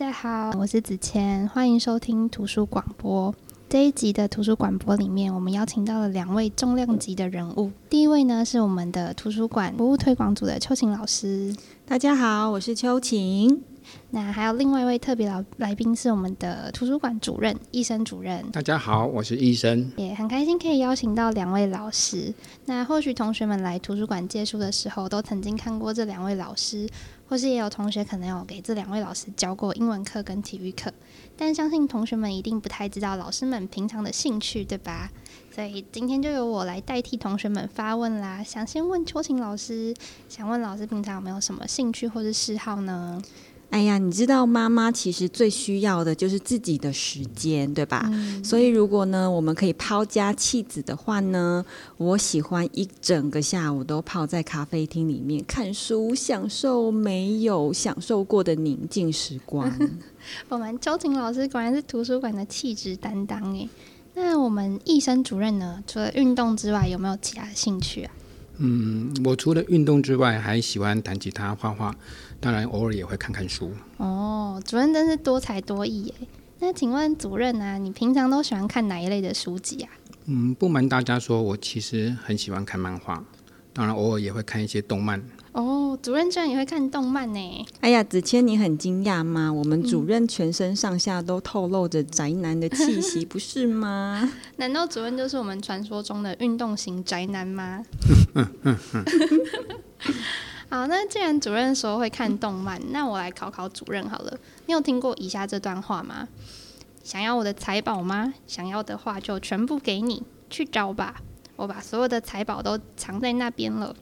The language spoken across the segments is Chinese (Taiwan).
大家好，我是子謙，歡迎收聽圖書廣播。這一集的圖書廣播裡面，我們邀請到了兩位重量級的人物。第一位呢，是我們的圖書館服務推廣組的邱晴老師。大家好，我是邱晴。那還有另外一位特別老來賓，是我們的圖書館主任，醫生主任。大家好，我是醫生，也很開心可以邀請到兩位老師。那或許同學們來圖書館借書的時候，都曾經看過這兩位老師，或是也有同學可能有給這兩位老師教過英文課跟體育課。但相信同學們一定不太知道老師們平常的興趣，對吧？所以今天就由我來代替同學們發問啦。想先問邱晴老師，想問老師平常有沒有什麼興趣或是嗜好呢？哎呀，你知道媽媽其實最需要的就是自己的時間，對吧？嗯、所以如果呢，我們可以拋家棄子的話呢，我喜歡一整個下午都泡在咖啡廳裡面看書，享受沒有享受過的寧靜時光。 我們周婷老師果然是圖書館的氣質擔當耶。那我們易生主任呢，除了運動之外，有沒有其他的興趣啊？嗯，我除了運動之外，還喜歡彈吉他、畫畫，當然偶爾也會看看書。哦，主任真是多才多藝哎！那請問主任啊，你平常都喜歡看哪一類的書籍啊？嗯，不瞞大家說，我其實很喜歡看漫畫，當然偶爾也會看一些動漫。哦，主任居然也會看動漫呢！哎呀，子謙，你很驚訝嗎？我們主任全身上下都透露着宅男的氣息，嗯、 不是嗎？難道主任就是我們傳說中的運動型宅男嗎？ 嗯，嗯，嗯 好，那既然主任說會看動漫，嗯、那我來考考主任好了。你有聽過以下這段話嗎？想要我的財寶嗎？想要的話就全部給你，去找吧。我把所有的財寶都藏在那邊了。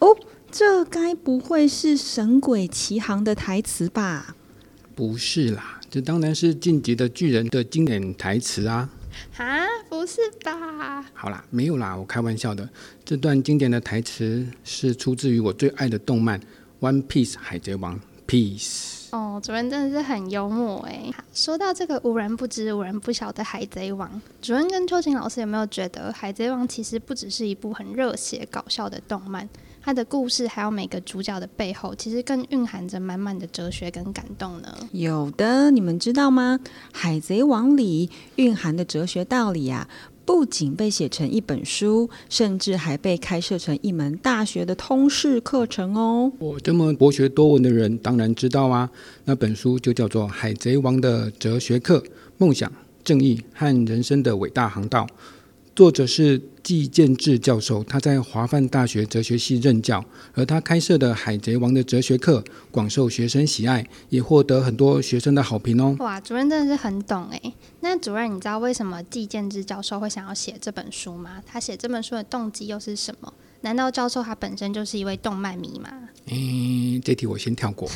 哦，這該不會是《神鬼奇航》的台詞吧？不是啦，這當然是《進擊的巨人》的經典台詞啊。是吧？好啦，沒有啦，我開玩笑的。這段經典的台詞是出自於我最愛的動漫《One Piece》海賊王。Piece。哦，主任真的是很幽默哎。說到這個無人不知、無人不曉的海賊王，主任跟秋晴老師有沒有覺得海賊王其實不只是一部很熱血搞笑的動漫？他的故事，還有每個主角的背後，其實更蘊含着滿滿的哲學跟感動呢。有的，你們知道嗎？《海賊王》裡蘊含的哲學道理啊，不僅被寫成一本書，甚至還被開設成一門大學的通識課程哦。我這麼博學多聞的人，當然知道啊。那本書就叫做《海賊王的哲學課：夢想、正義和人生的偉大航道》。作者是冀劍制教授，他在華梵大學哲學系任教，而他開設的《海賊王》的哲學課廣受學生喜愛，也獲得很多學生的好評哦。哇，主任真的是很懂哎！那主任，你知道為什麼冀劍制教授會想要寫這本書嗎？他寫這本書的動機又是什麼？難道教授他本身就是一位動漫迷嗎？嗯、欸，這題我先跳過。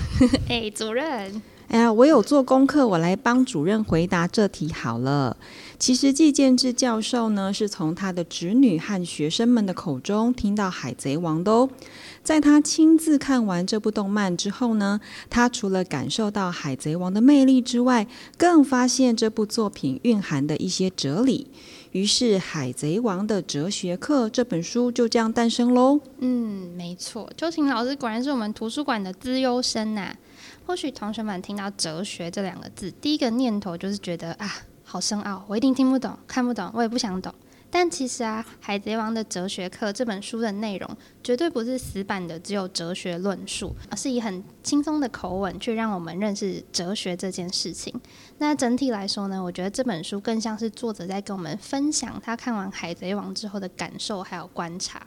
哎、 欸，主任。哎呀，我有做功課，我來幫主任回答這題好了。其實冀劍制教授呢，是從他的侄女和學生們的口中聽到《海賊王》的哦。在他親自看完這部動漫之後呢，他除了感受到《海賊王》的魅力之外，更發現這部作品蘊含的一些哲理。於是，《海賊王的哲學課》這本書就這樣誕生嘍。嗯，沒錯，秋晴老師果然是我們圖書館的資優生吶、啊。或許同學們聽到“哲學”這兩個字，第一個念頭就是覺得啊，好深奧，我一定聽不懂、看不懂，我也不想懂。但其實啊，《海賊王的哲學課》這本書的內容絕對不是死板的，只有哲學論述，而是以很輕鬆的口吻去讓我們認識哲學這件事情。那整體來說呢，我覺得這本書更像是作者在跟我們分享他看完《海賊王》之後的感受，還有觀察。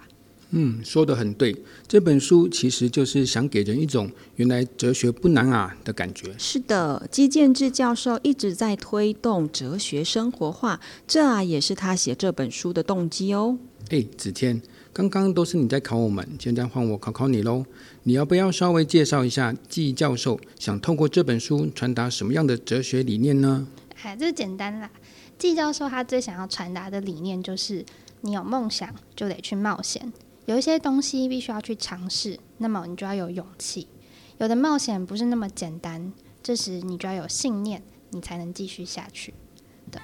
嗯，說得很對。這本書其實就是想給人一種原來哲學不難啊的感覺。是的，冀劍制教授一直在推動哲學生活化，這啊也是他寫這本書的動機哦。哎、欸，子謙，剛剛都是你在考我們，現在換我考考你嘍。你要不要稍微介紹一下冀教授想透過這本書傳達什麼樣的哲學理念呢？嗨，這簡單啦。冀教授他最想要傳達的理念就是：你有夢想就得去冒險。有一些東西必須要去嘗試，那麼你就要有勇氣。有的冒險不是那麼簡單，這時你就要有信念，你才能繼續下去。對。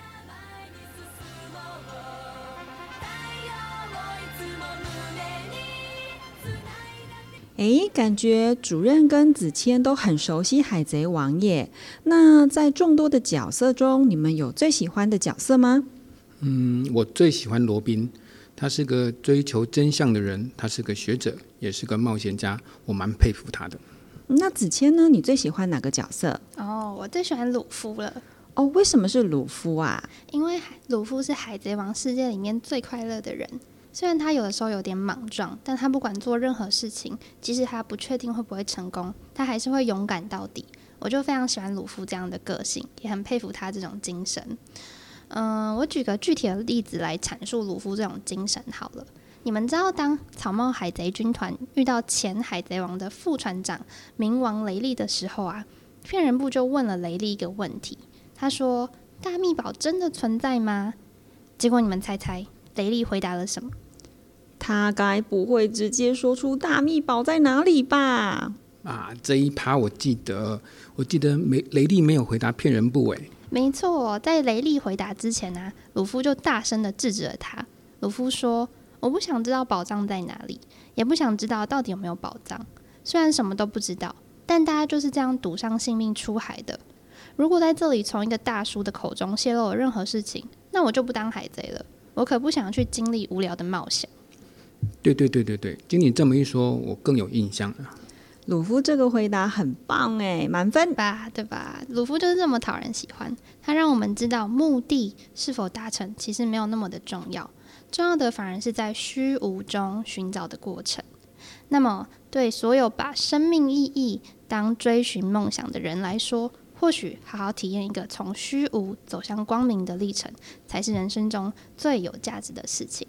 哎、欸，感覺主任跟子謙都很熟悉《海賊王》耶。那在眾多的角色中，你們有最喜歡的角色嗎？嗯，我最喜歡羅賓。他是個追求真相的人，他是個學者，也是個冒險家，我蠻佩服他的。那子謙呢？你最喜歡哪個角色？哦，oh, 我最喜歡魯夫了。哦，oh, 為什麼是魯夫啊？因為魯夫是海賊王世界裡面最快樂的人。雖然他有的時候有點莽撞，但他不管做任何事情，即使他不確定會不會成功，他還是會勇敢到底。我就非常喜歡魯夫這樣的個性，也很佩服他這種精神。嗯、呃，我舉個具體的例子來闡述魯夫這種精神好了。你們知道，當草帽海賊軍團遇到前海賊王的副船長冥王雷利的時候啊，騙人部就問了雷利一個問題，他說：“大秘寶真的存在嗎？”結果你們猜猜，雷利回答了什麼？他該不會直接說出大秘寶在哪裡吧？啊，這一趴我記得，我記得沒雷利沒有回答騙人部誒、欸。沒錯，在雷利回答之前呢、啊，魯夫就大聲地制止了他。魯夫說：“我不想知道寶藏在哪裡，也不想知道到底有沒有寶藏。雖然什麼都不知道，但大家就是這樣賭上性命出海的。如果在這裡從一個大叔的口中洩露了任何事情，那我就不當海賊了。我可不想去經歷無聊的冒險。”對對對對對，經你這麼一說，我更有印象了。魯夫這個回答很棒誒，滿分吧，對吧？魯夫就是這麼討人喜歡。他讓我們知道，目的是否達成其實沒有那麼的重要，重要的反而是在虛無中尋找的過程。那麼，對所有把生命意義當追尋夢想的人來說，或許好好體驗一個從虛無走向光明的歷程，才是人生中最有價值的事情。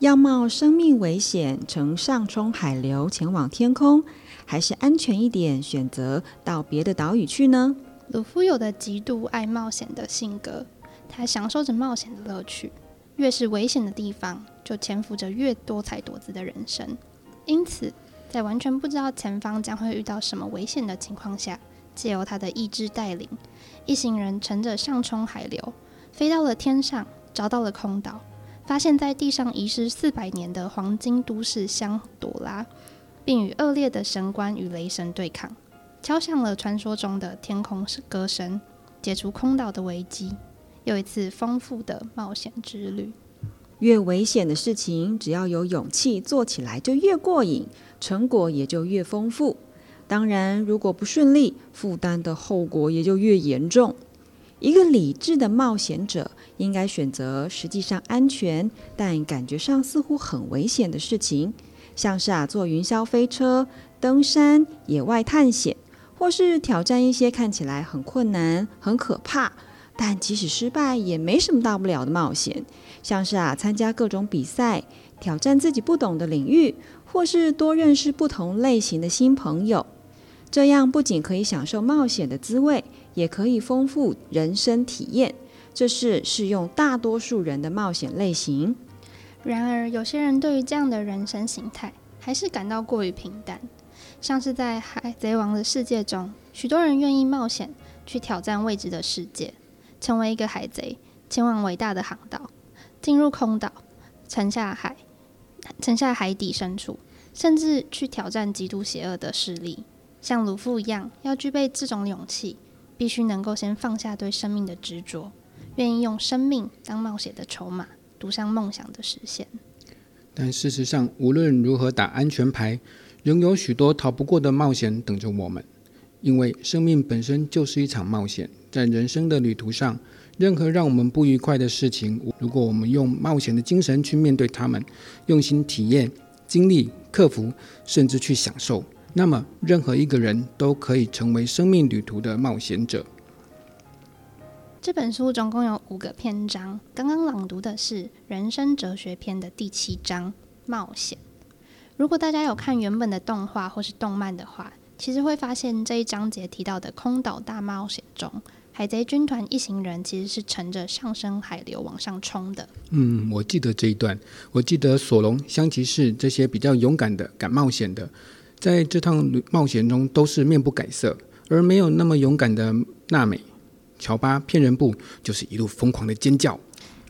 要冒生命危險乘上衝海流前往天空，還是安全一點選擇到別的島嶼去呢？魯夫有的極度愛冒險的性格，他享受着冒險的樂趣。越是危險的地方，就潛伏着越多彩多姿的人生。因此，在完全不知道前方將會遇到什麼危險的情況下，借由他的意志帶領，一行人乘着上衝海流飛到了天上，找到了空島。發現，在地上遺失四百年的黃金都市香朵拉，並與惡劣的神官與雷神對抗，敲響了傳說中的天空歌聲，解除空島的危機。又一次豐富的冒險之旅。越危險的事情，只要有勇氣做起來就越過癮，成果也就越豐富。當然，如果不順利，負擔的後果也就越嚴重。一個理智的冒險者應該選擇實際上安全但感覺上似乎很危險的事情，像是啊坐雲霄飛車、登山、野外探險，或是挑戰一些看起來很困難、很可怕，但即使失敗也沒什麼大不了的冒險，像是啊參加各種比賽、挑戰自己不懂的領域，或是多認識不同類型的新朋友。這樣不僅可以享受冒險的滋味。也可以豐富人生體驗，這是適用大多數人的冒險類型。然而，有些人對於這樣的人生形態還是感到過於平淡。像是在《海賊王》的世界中，許多人願意冒險去挑戰未知的世界，成為一個海賊，前往偉大的航道，進入空島，沉下海，沉下海底深處，甚至去挑戰極度邪惡的勢力，像魯夫一樣，要具備這種勇氣，必須能夠先放下對生命的執着，願意用生命當冒險的籌碼，賭上夢想的實現。但事實上，無論如何打安全牌，仍有許多逃不過的冒險等着我們。因為生命本身就是一場冒險，在人生的旅途上，任何讓我們不愉快的事情，如果我們用冒險的精神去面對它們，用心體驗、經歷、克服，甚至去享受。那麼，任何一個人都可以成為生命旅途的冒險者。這本書總共有五個篇章，剛剛朗讀的是《人生哲學篇》的第七章“冒險”。如果大家有看原本的動畫或是動漫的話，其實會發現這一章節提到的《空島大冒險》中，海賊軍團一行人其實是乘着上升海流往上衝的。嗯，我記得這一段，我記得索隆、香吉士這些比較勇敢的、敢冒險的。在這趟冒險中，都是面不改色，而沒有那麼勇敢的娜美、喬巴、騙人布，就是一路瘋狂的尖叫。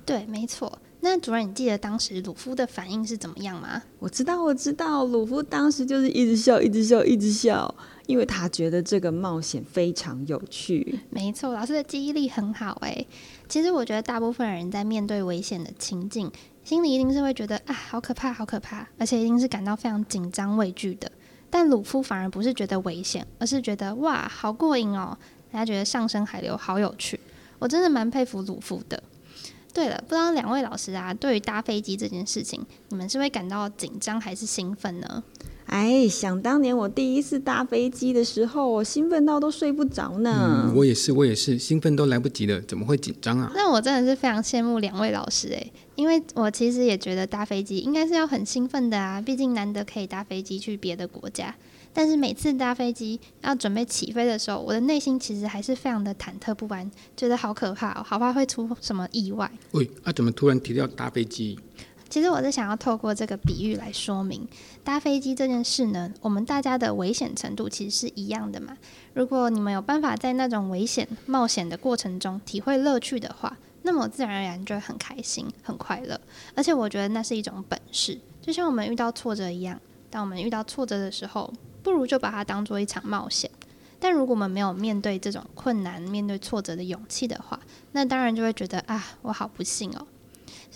對，沒錯。那主任，你記得當時魯夫的反應是怎麼樣嗎？我知道，我知道，魯夫當時就是一直笑，一直笑，一直笑，因為他覺得這個冒險非常有趣。嗯、沒錯，老師的記憶力很好哎、欸。其實我覺得，大部分人在面對危險的情境，心裡一定是會覺得啊，好可怕，好可怕，而且一定是感到非常緊張、畏懼的。但魯夫反而不是覺得危險，而是覺得哇，好過癮哦！大家覺得上升海流好有趣，我真的蠻佩服魯夫的。對了，不知道兩位老師啊，對於搭飛機這件事情，你們是會感到緊張還是興奮呢？哎，想當年我第一次搭飛機的時候，我興奮到都睡不着呢。嗯，我也是，我也是興奮都來不及了，怎麼會緊張啊？那我真的是非常羨慕兩位老師哎，因為我其實也覺得搭飛機應該是要很興奮的啊，畢竟難得可以搭飛機去別的國家。但是每次搭飛機要準備起飛的時候，我的內心其實還是非常的忐忑不安，覺得好可怕哦，好怕會出什麼意外。喂，那啊怎麼突然提到搭飛機？其實我是想要透過這個比喻來說明，搭飛機這件事呢，我們大家的危險程度其實是一樣的嘛。如果你們有辦法在那種危險冒險的過程中體會樂趣的話，那麼自然而然就會很開心、很快樂。而且我覺得那是一種本事，就像我們遇到挫折一樣，當我們遇到挫折的時候，不如就把它當做一場冒險。但如果我們沒有面對這種困難、面對挫折的勇氣的話，那當然就會覺得啊，我好不幸哦。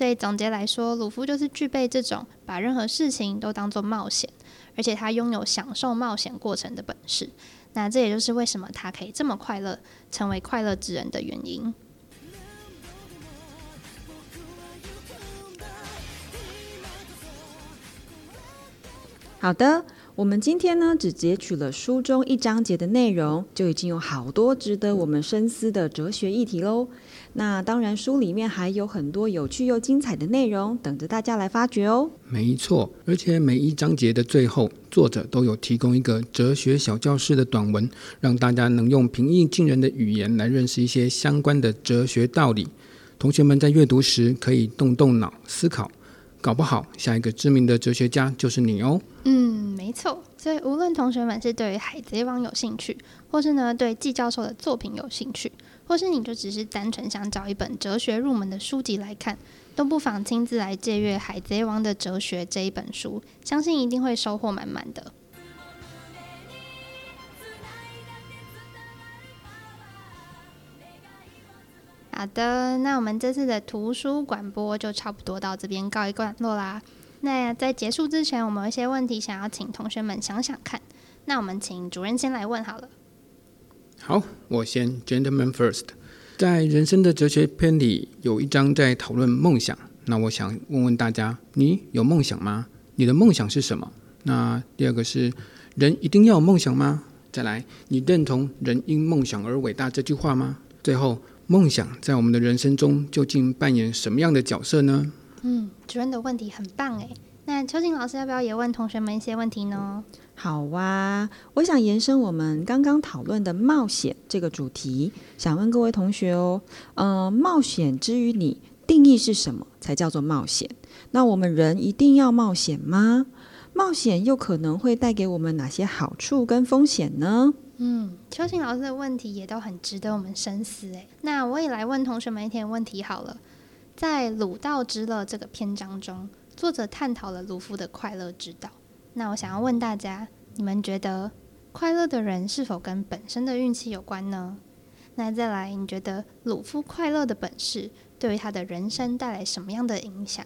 所以總結來說，魯夫就是具備這種把任何事情都當做冒險，而且他擁有享受冒險過程的本事。那這也就是為什麼他可以這麼快樂，成為快樂之人的原因。好的。我們今天呢，只截取了書中一章節的內容，就已經有好多值得我們深思的哲學議題嘍。那當然，書裡面還有很多有趣又精彩的內容，等着大家來發掘哦。沒錯，而且每一章節的最後，作者都有提供一個哲學小教室的短文，讓大家能用平易近人的語言來認識一些相關的哲學道理。同學們在閱讀時，可以動動腦思考。搞不好下一個知名的哲學家就是你哦！嗯，沒錯。所以無論同學們是對《海賊王》有興趣，或是呢對冀教授的作品有興趣，或是你就只是單純想找一本哲學入門的書籍來看，都不妨親自來借閱《海賊王的哲學》這一本書，相信一定會收穫滿滿的。好、啊、的，那我們這次的圖書廣播就差不多到這邊告一段落啦。那在結束之前，我們有一些問題想要請同學們想想看。那我們請主任先來問好了。好，我先 gentleman first。在《人生的哲學篇》裡有一章在討論夢想。那我想問問大家，你有夢想嗎？你的夢想是什麼？那第二個是，嗯、人一定要有夢想嗎？再來，你認同“人因夢想而偉大”這句話嗎？嗯、最後。夢想在我們的人生中究竟扮演什麼樣的角色呢？嗯，主任的問題很棒誒，那秋靜老師要不要也問同學們一些問題呢？嗯、好哇、啊，我想延伸我們剛剛討論的冒險這個主題，想問各位同學哦，嗯、呃，冒險之於你定義是什麼才叫做冒險？那我們人一定要冒險嗎？冒險又可能會帶給我們哪些好處跟風險呢？嗯，邱信老師的問題也都很值得我們深思誒。那我也來問同學們一點問題好了。在《魯道之樂》這個篇章中，作者探討了魯夫的快樂之道。那我想要問大家，你們覺得快樂的人是否跟本身的運氣有關呢？那再來，你覺得魯夫快樂的本事對於他的人生帶來什麼樣的影響？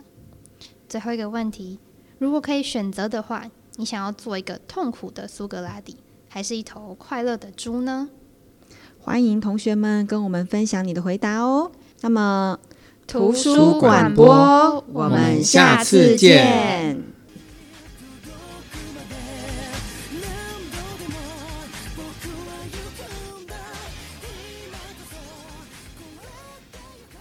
最後一個問題，如果可以選擇的話，你想要做一個痛苦的蘇格拉底？還是一頭快樂的豬呢？歡迎同學們跟我們分享你的回答哦。那麼，圖書館播，我們下次見。